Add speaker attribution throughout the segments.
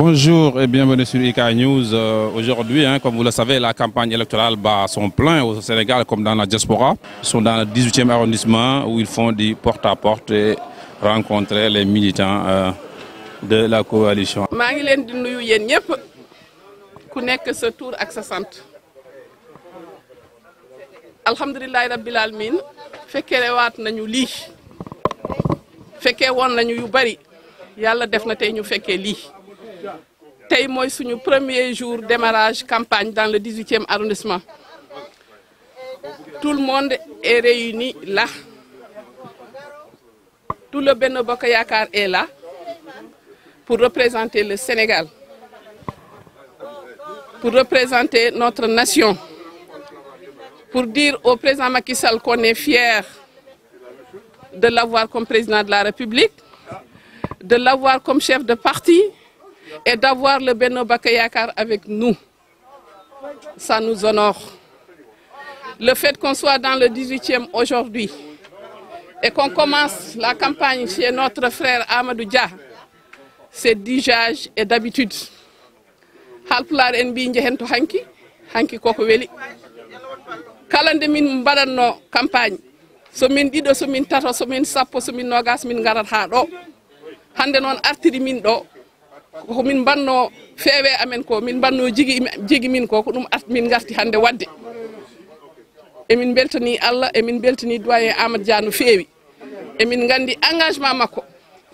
Speaker 1: Bonjour et bienvenue sur IK News. Euh, aujourd'hui, hein, comme vous le savez, la campagne électorale bat son plein au Sénégal comme dans la diaspora. Ils sont dans le 18e arrondissement où ils font du porte-à-porte et rencontrent les militants euh, de la coalition.
Speaker 2: Je suis nuyu tour alamin Tay moy premier jour démarrage campagne dans le 18e arrondissement tout le monde est réuni là tout le Beno est là pour représenter le Sénégal pour représenter notre nation pour dire au président Macky Sall qu'on est fier de l'avoir comme président de la République de l'avoir comme chef de parti et d'avoir le Beno Bakayakar avec nous. Ça nous honore. Le fait qu'on soit dans le 18e aujourd'hui et qu'on commence la campagne chez notre frère Amadou Dia, c'est d'usage et d'habitude. halpular en mbi jehen to hanki hanki koko weeli kala nde min mbaɗatno campagne min ɗiɗo so min somin sappo somin nogas min garat ha do. hande non artiri min do. ko min mbanno feewe amen ko min mbanno jigi jigi min ko ko ɗum art min garti hannde wadde emin beltani allah emin beltani doyen amadou dia no feewi emin nganndi engagement makko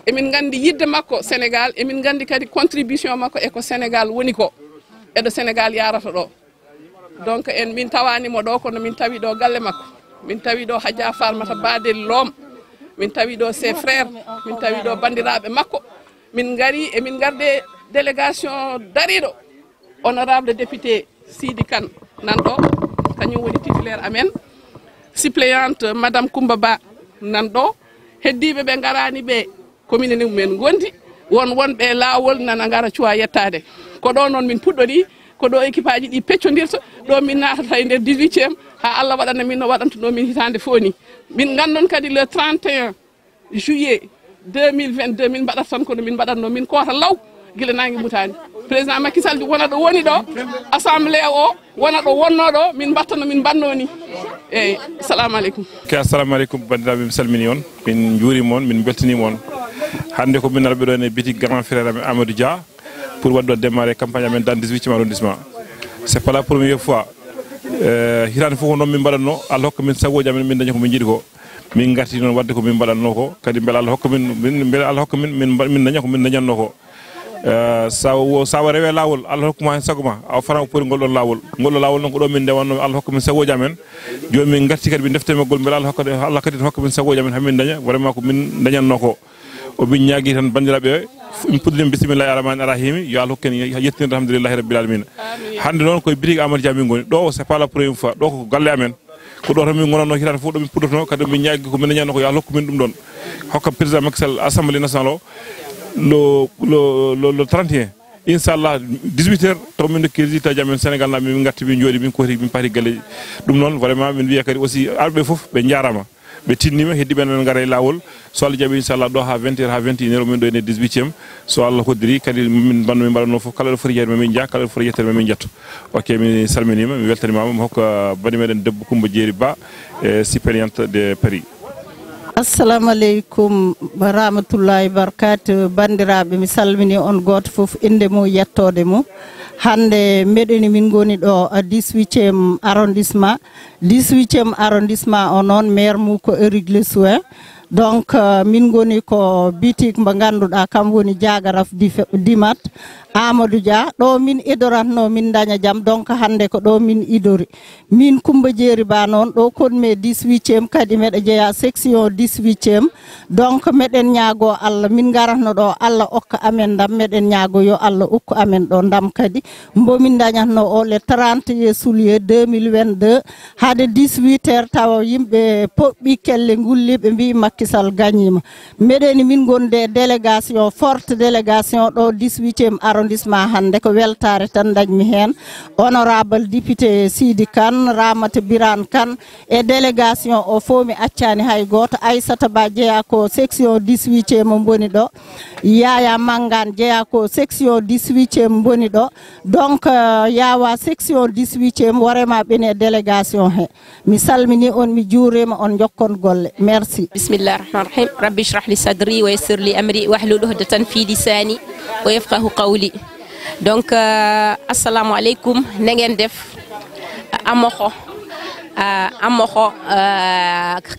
Speaker 2: emin nganndi yidde makko sénégal emin nganndi kadi contribution makko eko sénégal woni ko eɗo sénégal yarata ɗo donc en min tawanimo ɗo kono min tawi ɗo galle makko min tawi ɗo ha dia farmata badel loom min tawi ɗo ses frères min tawi ɗo bandiraɓe makko min e min garde délégation dariɗo honorable député sidi Nando, nanɗo kañum titulaire amen suppléante madame coumba ba nanɗo heddiɓe ɓe garani ɓe commune ni mumen gondi won wonɓe lawol nana gara cuwa yettade ko ɗo noon min puɗɗori ko ɗo équipe aji ɗi peccodirta ɗo min natata e nder 18ème ha allah waɗana min no waɗanta min hitande foni min gandon kadi le 31 juillet 2022 min mbaɗat tan kono min mbaɗatno min koota law guila nangue mutani président Macky Sall wona ɗo woni ɗo assemblée o wona ɗo wonno ɗo min mbattano min mbanno ni eyyi assalamu aleykum
Speaker 1: ok assalamu aleykum bandiraɓe mi salmini on min juurima on min beltanima on hande ko min arɓe ɗon e biti grand frére amen amadou dia pour wadɗon démarré campagne amen dans 18 arrondissement c' est pas la première fois euh, hitande foof ko noon min mbaɗatno allah hokka min sagoji amen min dañi ko min jiiɗi ko min garti noon wadde ko min mbaɗatno ko kadi beele allah hokka min beele allah hokka min min daña ko min dañatno ko eh, sawa rewe lawol allah hokkuma hen saago ma a fana ko pooti ngolɗon lawol ngolɗo lawol noon ko ɗo min ndewanno allah hokka min sagoji amen joni min garti kadi min deftemeggol beele allah hokkade allah kadi hokka min sagoji amen hamin daña vraiment ko min dañatno ko omin ñaagui tan bandiraɓe min puddima bisimillahi arahmani arahimi yo allah hokken yettinde alhamdulillahi rabbil alamina hande noon koye boutique amadou dia min goni ɗo c'est pas la premiére fois ɗo ko galle amen ko ɗo tan min gonanno hitaata fof ɗomin puddotono kadi min ñaggi ko minañano ko yah lokku min ɗum ɗon hokkam président makisal assemblé national o lo lo lo 31 inchallah 18 heure taw min dokki résultat jam en sénégal naɓe min gatti min jooɗi min koti min paati galleji ɗum noon vraiment min wiya kadi aussi arɓe fof ɓe jarama ɓe tinnima heddi ɓenen gara e lawol so allah jaɓi inchallah ɗo ha 20 heure ha 21 heure min ɗo ene 18 ieme so allah hoddiri kadi min bannu min mbaɗanno foof kala ɗo foti jeere mamin jaa kala ɗo foti yettere mamin jatto ok mi salminima mi weltanimama mi hokka bani meɗen debbo coumba jeeri ba e sipériente de paris
Speaker 3: assalamu aleykum rahmatullahi barkate bandiraɓe mi salmini on goto foof inde mum yettode mum hande meɗeni min goni ɗo 18e uh, arrondissement 18e arrondissement o noon maire mum ko eric le soin donc uh, min goni ko boutique mo ganduɗa kam woni jagaraf dimat amadou dia ɗo min idoratno min daña jaam donc hande ko ɗo min idori min coumba jeeri ba noon ɗo konmi 18ieme e kadi meɗa jeeya section 18ieme donc meɗen ñaago allah min garatno ɗo allah okka amen dam meɗen ñaago yo allah okku amen ɗo dam kadi bomin dañatno o le 31 soulier 2022 haade 18 heure tawa yimɓe poɓɓi kelle gulliɓe mbi makkisal gañima meɗeni min gonde délégation forte délégation ɗo 18ieme aro arrondissement hannde ko weltare tan dañmi hen honorable député sidi kane ramata biran kane e délégation o fo mi accani hay goto aissata ba jeeya ko section 18 mo boni ɗo yaya Mangan jeeya ko section 18 mo boni ɗo donc yawa section 18 mo warema ɓene délégation he mi salmini on mi juurima on jokkon golle merci bisimillah rahmani rahim
Speaker 4: rabbi israhli sadri wa yassir li amri wahlul uhdatan fi lisani wa yafqahu qawli donc euh, assalamu na N'engendef def euh, amoxo euh, amoxo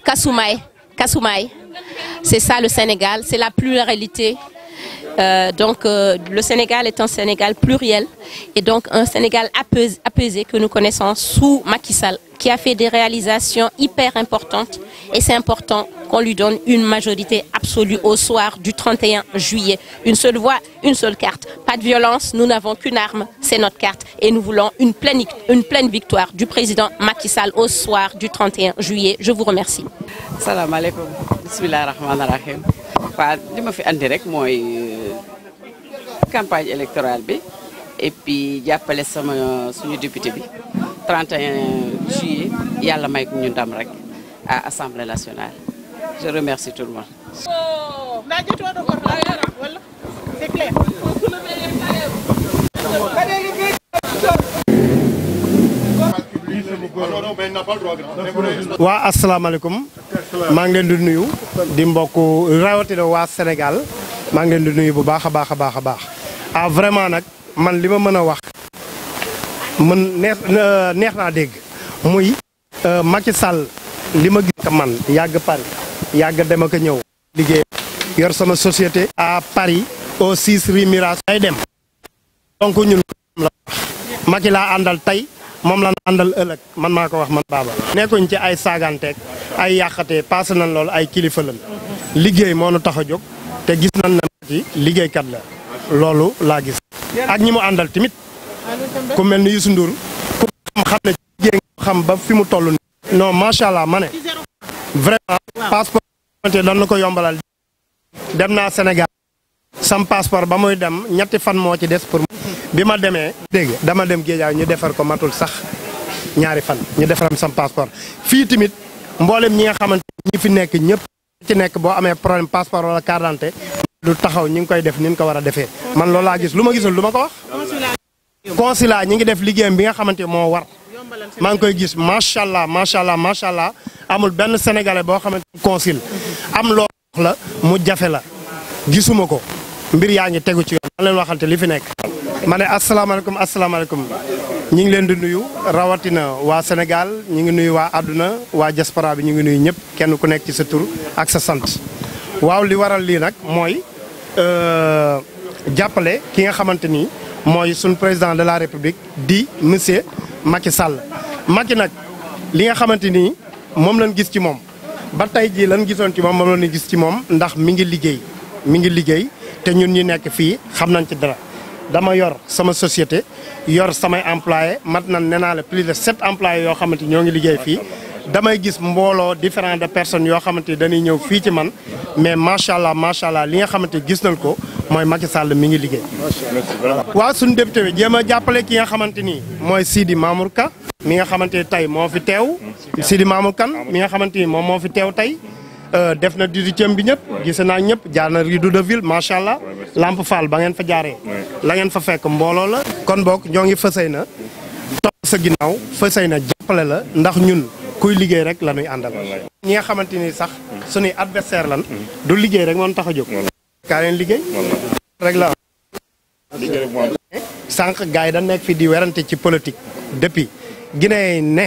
Speaker 4: kasoumaï. c'est ça le Sénégal c'est la pluralité euh, donc euh, le Sénégal est un Sénégal pluriel et donc un Sénégal apaisé, que nous connaissons sous Macky Sall qui a fait des réalisations hyper importantes et c'est important qu'on lui donne une majorité absolue au soir du 31 juillet. Une seule voix, une seule carte. Pas de violence, nous n'avons qu'une arme, c'est notre carte et nous voulons une pleine, victoire du président Macky Sall au soir du 31 juillet. Je vous remercie.
Speaker 2: Je me fais en direct moi la euh, campagne électorale bi et puis jàppale sama suñu député bi 31 juillet y may la main rek à l'Assemblée nationale je remercie tout le monde.
Speaker 5: assalam alaikum. maa ngi leen di nuyu di mbokk rawatina waa Sénégal maa ngi leen di nuyu bu baax a baax a baax a baax ah vraiment nag man li ma mën a wax mën neex euh, naa dégg muy euh, Macky Sall li ma gis man yàgg Paris yàgg dem ak a ñëw liggéey yor sama société à Paris au 6 rue Mirasse ay dem donc ñun la laa àndal tey moom la àndal ëllëg man maa ko wax man baaba nekkuñ ci ay saaganteeg ay yàqatee passé nañ loolu ay kilifa lañ liggéey moo nu tax a jóg te gis nañ ne ci liggéeykat la loolu laa gis ak ñi mu àndal tamit ku mel ni Youssou Ndour ku xam ne liggéey nga xam ba fi mu toll nii no macha allah ma ne vraiment passeport te doon na ko yombalal dem naa Sénégal sam passeport ba muy dem ñetti fan moo ci des pour bi ma demee dama dem Géejawaay ñu defar ko matul sax ñaari fan ñu defaram sam passeport fii tamit mboolem ñi nga xamante ñi fi nekk ñëpp ci nekk boo amee problème passeport wala carte d'identité du taxaw ñi ngi koy def ni ñu ko war man loolu gis gisul ko wax consulat ñi ngi def bi nga war maa koy gis macha allah macha amul benn sénégalais bo xamante consul am loo la mu jafe la gisuma ko mbir yaa ngi ci yoon leen li fi nekk assalamu alaykum assalamu alaykum ñi ngi leen di nuyu rawatina wa Sénégal ñi ngi nuyu wa aduna wa diaspora bi ñi ngi nuyu ñep kenn ku nekk ci sa tour ak sa sante waaw li waral nak moy euh jappalé ki nga xamanteni moy sun président de la république di monsieur Macky Sall Macky nak li nga xamanteni mom lañu gis ci mom ba tay ji lañu gisoon ci mom mom lañu gis ci mom ndax mi ngi liggéey mi ngi liggéey té ñun ñi nekk fi xamnañ ci dara dama yor sama société yor samay employé mat na nee naa la plus de sept employés yoo xamante ñoo ngi liggéey fii damay gis mbooloo différent de personnes yoo xamante ni ñëw fii ci man mais macha allah macha allah li nga xamante gis nañ ko mooy Macky Sall mi ngi liggéey. waaw suñu député bi jéem a jàppale ki nga xamante ni mooy Sidi Mamour Ka mi nga xamante ni tey moo fi teew. Sidi Mamour Kane mi nga xamante ni moom moo fi teew tey. Euh, def na 18e bi ñep gis na ñep jaar na rideau de ville machallah lampe Fall ba ngeen fa jaaré la ngeen fa fekk mbolo la kon bok ñoo ngi fësay na topp sa ginnaaw fësay na jàppale la ndax ñun kuy liggéey rek la ñuy ñi nga xamanteni sax mm. suñu adversaire lan mm. du liggéey rek moom tax a leen liggéey rek la eh, sànq gars da nek fi di wéranté ci politique depuis Guinée ne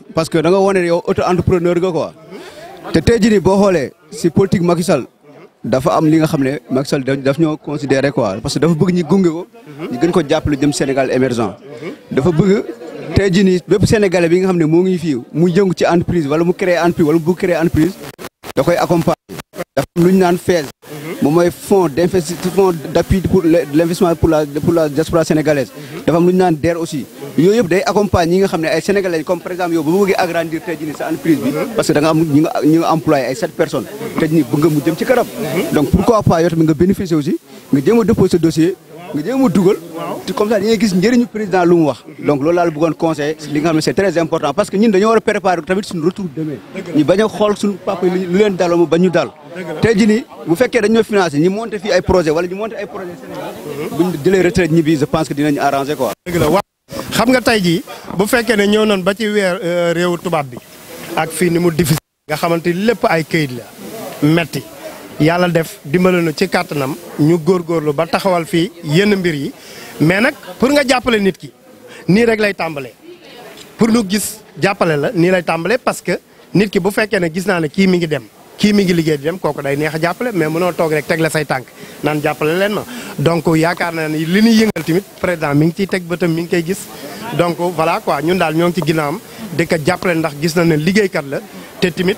Speaker 6: parce que da nga wane yow auto entrepreneur nga quoi te tey boo xoolee si politique Macky Sall dafa am li nga xam ne Macky Sall daf ñoo considéré quoi parce que dafa bëgg ñu gunge ko. ñu gën ko jàppale jëm Sénégal émergent. dafa bëgg tey jii nii bépp sénégalais bi nga xam ne moo ngi fii mu jëngu ci entreprise wala mu créer entreprise wala mu bëgg créer entreprise da koy dafa am lu ñu naan FES. Mhm. moom mooy fonds d' investissement pour l' pour la pour la diaspora sénégalaise. Mhm. dafa am lu ñu naan DER aussi. yooyu yëpp day accompagne ñi nga xam ay sénégalais comme par exemple yow bu bëggee agrandir tey jii sa entreprise bi. Mhm. parce que da nga am ñi nga nga employé ay sept personnes. tey jii bëgg nga mu jëm ci kanam. donc pourquoi pas yow tamit nga bénéficier aussi nga jéem a déposer dossier. nga jëm a dugal te comme ça dañuy gis ñëriñu président lu mu wax donc loolu la bëggoon conseil li nga xamné c'est très important parce que ñun dañu wara préparer tamit suñu retour demain ñu baña xol suñu papa yi lu leen daloo ma bañ dal tay jii nii bu fekké dañu financer ñi monter fi ay projet wala ñi monter ay projet Sénégal mhm. buñu délé retraite ñi bi je pense que dinañ arranger quoi xam nga tay ji bu fekké né ñëw noonu ba ci wër euh, réew tubab bi
Speaker 5: ak fi ni mu difficile nga xamanté lepp ay kayit la metti yàlla def dimbali nu ci kàttanam ñu góor góorlu ba taxawal fii yenn mbir yi mais nag pour nga jàppale nit ki nii rek lay tàmbalee pour ñu gis jàppale la nii lay tàmbalee parce que nit ki bu fekkee ne gis naa ne kii mi ngi dem kii mi ngi liggéey di dem kooku day neex a jàppale mais mënoo toog rek teg la say tànk naan jàppale leen ma donc yaakaar naa ne li ñuy yëngal tamit président mi ngi ciy teg bëtam mi ngi koy gis donc voilà quoi ñun daal ñoo ngi ci ginnaawam di ko ndax gis na ne liggéeykat la te tamit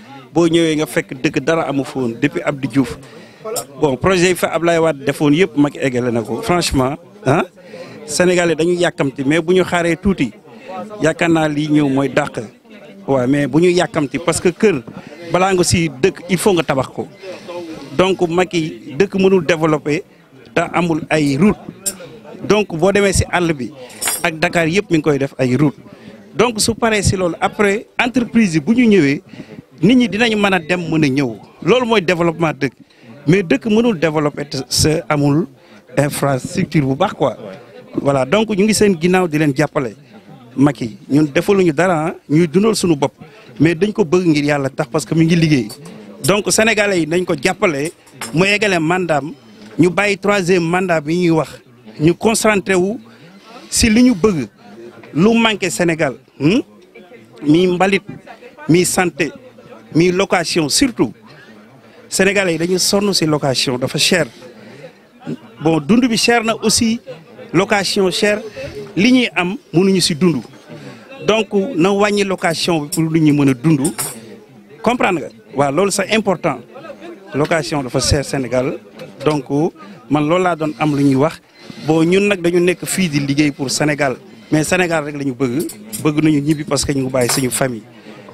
Speaker 7: boo ñëwee nga fekk dëkk dara amu foon depuis Abdou Diouf bon projet yi fa Ablaye Wade defone yëpp mag eggale na ko franchement hein, sénégalais dañu yakamti mais buñu xaré touti yakana li naa lii ñëw mooy dàq waaw mais buñu yakamti parce que kër balaa nga si dëkk il faut nga tabax ko donc mag yi dëkk mënul développer da amul ay route donc bo démé ci àll bi ak Dakar yëpp mi ngi koy def ay route donc su paré ci lool après entreprise buñu ñëwé nit ni dinañ mën a dem mën ñëw loolu mooy développement dëkk mais dëkk mënul développer ce amul infrastructure bu baax quoi voilà donc ñu ngi seen ginnaaw di leen jàppale Macky ñun defaluñu dara ñuy dundal suñu bopp mais dañ ko bëgg ngir yàlla tax parce que mi ngi liggéey donc sénégalais yi nañ ko jàppale mu eggale mandaam ñu bàyyi troisième mandat bi ñuy wax ñu concentré wu si li ñu bëgg lu manqué Sénégal hmm? mi mbalit mi santé mi location surtout sénégalais dañu sonu si location dafa cher bon dundu bi cher na aussi location cher li ñuy am mënuñu ci dundu donc na wàññi location pour lu ñu mën comprendre nga wa loolu c'est important location dafa cher Sénégal donc man loolu la don am lu ñuy wax bon ñun nak dañu nek fi di liggéey pour Sénégal mais Sénégal rek lañu bëgg bëgg nañu ñibbi parce que ñu ngi suñu famille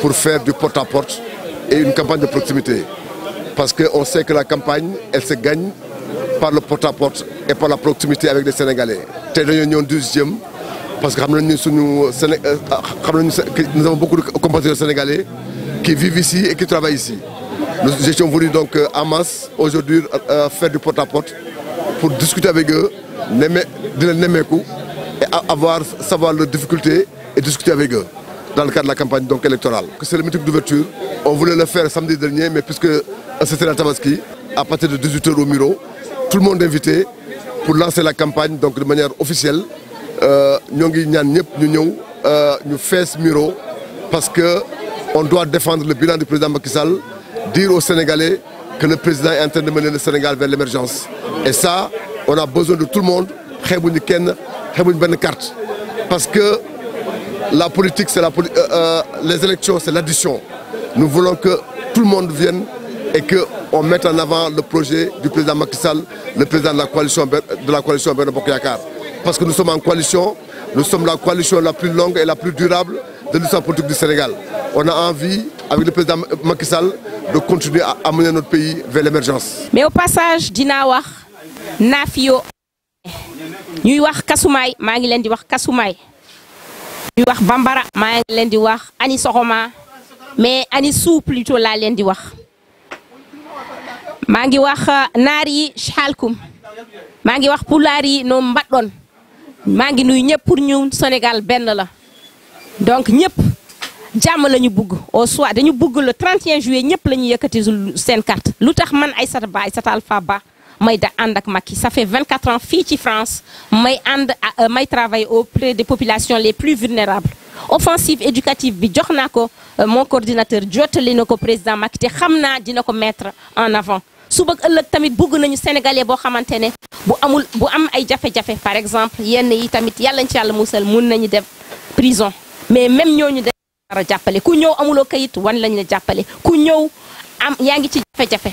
Speaker 8: pour faire du porte-à-porte et une campagne de proximité. Parce qu'on sait que la campagne, elle se gagne par le porte-à-porte et par la proximité avec les Sénégalais. Telle réunion deuxième parce euh, ah, que nous avons beaucoup de compatriotes sénégalais qui vivent ici et qui travaillent ici. Nous étions venus donc à euh, masse aujourd'hui euh, faire du porte-à-porte pour discuter avec eux, de les et avoir, savoir leurs difficultés et discuter avec eux dans le cadre de la campagne donc, électorale. C'est le mythique d'ouverture. On voulait le faire samedi dernier, mais puisque c'était la Tabaski, à partir de 18h au Miro, tout le monde est invité pour lancer la campagne donc, de manière officielle. Nous faisons nous ce Muro parce qu'on doit défendre le bilan du président Macky Sall, dire aux Sénégalais que le président est en train de mener le Sénégal vers l'émergence. Et ça, on a besoin de tout le monde. Parce que la politique, c'est la euh, euh, les élections, c'est l'addition. Nous voulons que tout le monde vienne et qu'on mette en avant le projet du président Macky Sall, le président de la coalition de la coalition Parce que nous sommes en coalition, nous sommes la coalition la plus longue et la plus durable de l'histoire politique du Sénégal. On a envie, avec le président Macky Sall, de continuer à amener notre pays vers l'émergence.
Speaker 4: Mais au passage, d'Inawa, Nafio ñuy wax bambara maa leen di wax ani soxoma mais ani suu plutôt laa leen di wax maa ngi wax euh, naar yi xaalkum maa ngi wax pulaar yi no mbaɗɗon maa ngi nuyu ñëpp pour ñu Sénégal benn la donc ñëpp jàmm la ñu bugg au soir dañu bugg la le en juillet ñëpp la ñu yëkkati seen carte lu tax man Aïssata Ba Aïssata Alpha Ba may da and ak Macky ça fait 24 ans fi ci France may And euh, may travailler auprès des populations les plus vulnérables offensive éducative bi jox ko euh, mon coordinateur jottali na ko président Macky te xamna dina ko mettre en avant suba bëgg ëllëg tamit bëgg nañu sénégalais bo xamantene bu amul bu am ay jafé jafé par exemple yenn yi tamit yàllañ ci yalla musal mun nañu def prison mais même ñooñu dañ war a jàppale ku ñëw amuloo kayit wan lañu jappalé ku ñëw am yaangi ci jafé jafé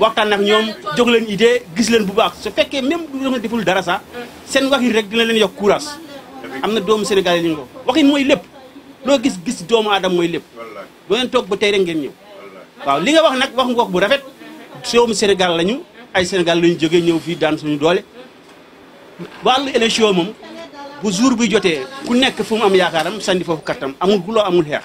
Speaker 7: waxtaan nag ñoom jox leen idée gis leen bu baax su fekkee même bu nga deful dara sax seen waxin rek dina leen yokk courage am na doomu Sénégal yi ñu waxin mooy lépp loo gis gis doomu aadama mooy lépp doo leen toog ba tey rek ngeen ñëw waaw li nga wax nag wax nga wax bu rafet doomu Sénégal lañu ay Sénégal lañu jógee ñëw fii daan suñu doole wàllu élection moom bu jour buy jotee ku nekk fu mu am yaakaaram sandi foofu kattam amul guloo amul xeex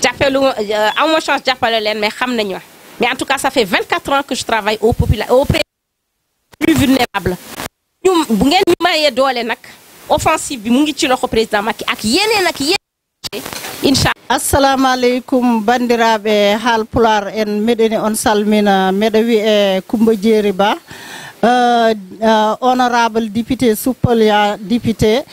Speaker 4: jàppeelu euh, chance mais mais en tout cas ça fait 24 ans que je travaille aux populations aux plus vulnérables offensive bi ci président
Speaker 3: assalamu en on salmina e euh, euh, honorable député soupolia député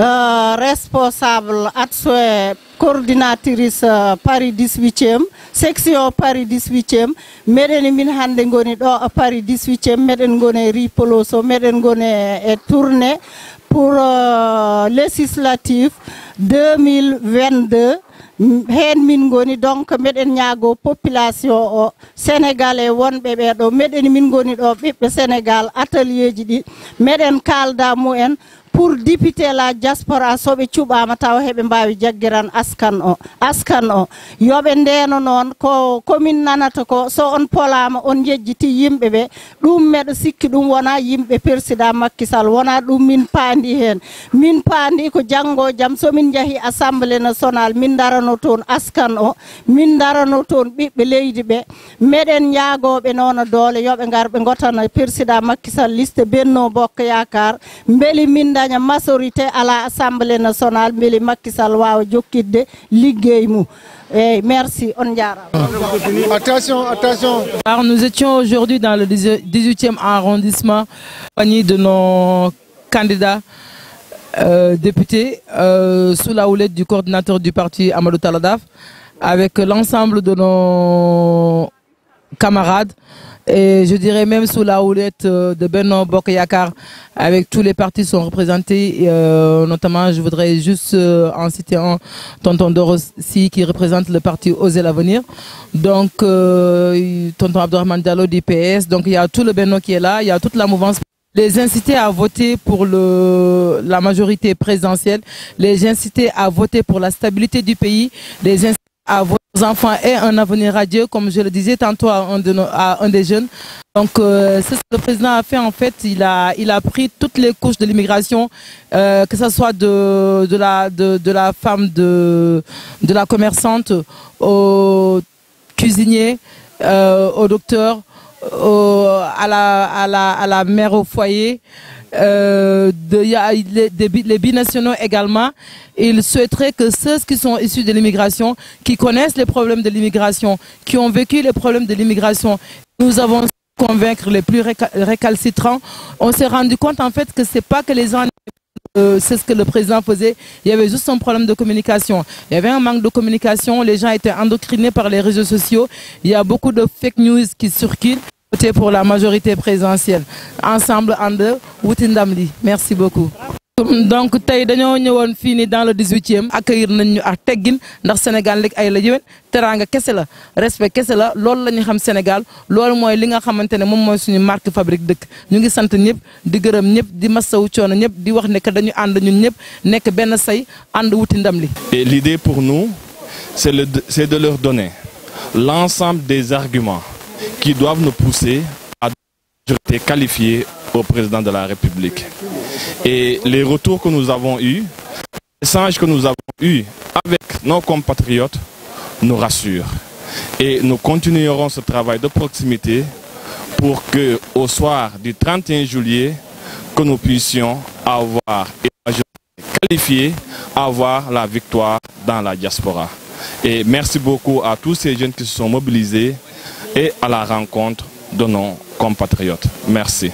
Speaker 3: euh, responsable adjoint coordinatrice euh, paris 18e section paris 18e meden min hannde ngoni paris 18e meɗen ngoni ripoloso meden ngoni e tourné pour uh, législatif 2022 hen min goni donc meden population o oh, sénégal et wonɓe ɓeɗo min goni oh, do sénégal atelier ji meden pour député la diaspora soɓe cuɓama taw heɓe mbawi jagguiran askan o askan o yooɓe ndeno noon ko commune nanata ko so on polama on jejjiti yimɓeɓe ɗum meɗa sikki ɗum wona yimɓe président makkisal wona ɗum min paandi hen min paandi ko janggo jaam somin jaahi assemblé national min darano toon askan o min darano toon ɓiɓɓe leydi ɓe meɗen yaagoɓe noon doole yooɓe gar ɓe gotana président makkisal liste benno bokka yakar beeli min da majorité à l'Assemblée nationale mais les eh, merci on
Speaker 9: attention attention alors nous étions aujourd'hui dans le 18e arrondissement parmi de nos candidats euh, députés euh, sous la houlette du coordinateur du parti Amadou Taladaf avec l'ensemble de nos camarades et je dirais même sous la houlette euh, de Benoît Bokayakar, avec tous les partis sont représentés, euh, notamment je voudrais juste euh, en citer un, Tonton Dorossi qui représente le parti Oser l'avenir, donc Tonton Abdoura Mandalo du donc il y a tout le Benoît qui est là, il y a toute la mouvance les inciter à voter pour le, la majorité présidentielle, les inciter à voter pour la stabilité du pays, les inciter à voter enfants aient un avenir radieux, comme je le disais tantôt à un, de un des jeunes. Donc, euh, ce que le président a fait. En fait, il a, il a pris toutes les couches de l'immigration, euh, que ce soit de, de, la, de, la femme, de, de la commerçante, au cuisinier, euh, au docteur, à, la, à, la, à la mère au foyer. Euh, les, binationaux également, ils souhaiteraient que ceux qui sont issus de l'immigration, qui connaissent les problèmes de l'immigration, qui ont vécu les problèmes de l'immigration, nous avons convaincre les plus récalcitrants. On s'est rendu compte en fait que c'est pas que les gens euh, c'est ce que le président faisait. Il y avait juste un problème de communication. Il y avait un manque de communication. Les gens étaient endocrinés par les réseaux sociaux. Il y a beaucoup de fake news qui circulent pour la majorité présidentielle ensemble ande, wuti merci beaucoup. donc tey dañoo ñëwoon dans le dix-huitième accueillir nañ ñu ak dans ndax Sénégal léegi ay la yéwén teraanga Kessela, respect Kessela, la loolu xam Sénégal loolu mooy li nga xamante ne moom suñu marque fabrique dëkk ñu ngi sant ñëpp di gërëm ñëpp di masawu coono ñëpp di wax ne que dañu ànd ñun ñëpp
Speaker 1: et l'idée pour nous c'est le c'est de leur donner l'ensemble des arguments qui doivent nous pousser à être qualifiés au président de la République. Et les retours que nous avons eus, les messages que nous avons eus avec nos compatriotes nous rassurent. Et nous continuerons ce travail de proximité pour qu'au soir du 31 juillet, que nous puissions avoir qualifié, avoir la victoire dans la diaspora. Et merci beaucoup à tous ces jeunes qui se sont mobilisés et à la rencontre de nos compatriotes. Merci.